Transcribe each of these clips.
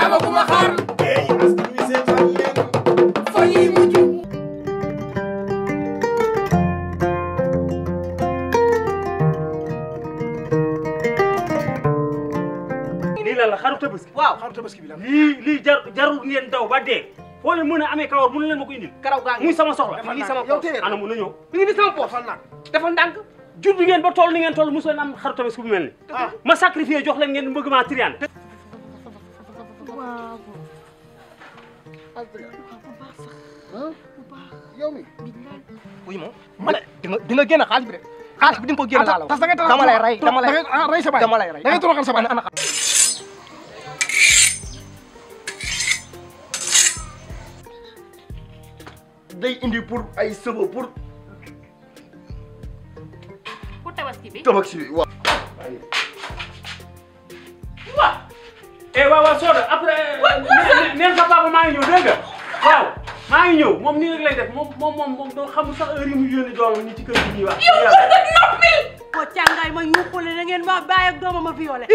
Ama la la xaru tabaski waaw xaru bi la jar jarul ngeen daw ba dee foo leen mën kawar leen indil karaw muy sama soxla dafa sama poos ana mu na mi ngi ni sama poos dafa nag dafa ndànk judd ngeen ba toll ngeen am xaru bu mel ah. ma sacrifié jox leen ngeen bëgg maa trian waaw yow mi oui moom ma ne di nga di nga génn xaalis bi de xaalis bi di nga ko génn laa la wax ah, dama lay rey dama lay rey day indi pour ay sebo pour. pour tabaski bi tabaski bi waaw. waaw. eh waaw waaw après. Eh, neen sa papa maa ngi ñëw dégg nga ngi ñëw moom nii rek lay def moom moom moom doo xamul sax heure yi mu ni ci kër gi ñuy wax. yow nga dëgg noppi. moo càngaay ma yuuxule na ngeen ma bàyyi ak doomam ma violé.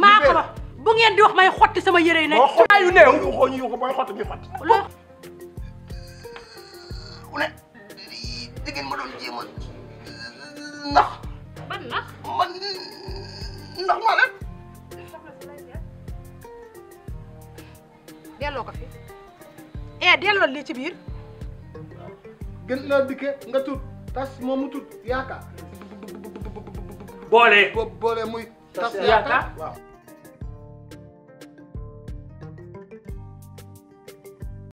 maa ko ba bu ngeen di wax may xotti sama yére yi nekk. maa yu néew ñu xool ñu yu ko booy xotti ñu xotti. boleh, boleh, boleh, boleh, boleh, boleh, boleh, boleh, boleh, boleh, boleh, boleh, boleh, boleh, boleh, boleh, boleh, eh boleh, boleh, ci boleh, gën boleh, boleh, nga tut tas ya, boleh, boleh, tut boleh, boleh, boleh muy. tas boleh, ya, ya, waaw.